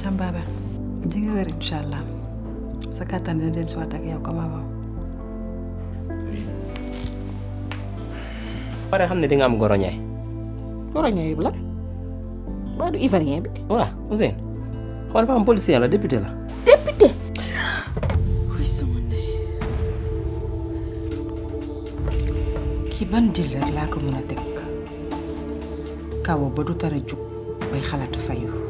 Thiam Baba di nga wér incha allah sa kàttan dina dellusiwaat ak yow comme avant. pare xam ne di am goroñaay. E? goroñaay e bu la waa du ivoirien bi. waaw Ousseyn xool dafa am policier la député la. député. ooy sama kii ban dil laa ko mën a teg kawo ba du tara jug bay xalaatu fayu.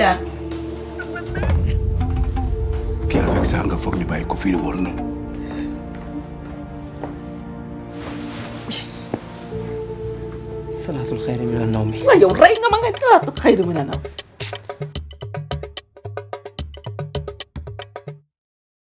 jaar. kii avec ça nga foog ñu bàyyi ko fii wóor na. salaatul xayri mi la naw mi. waaw yow rey nga mi la naw.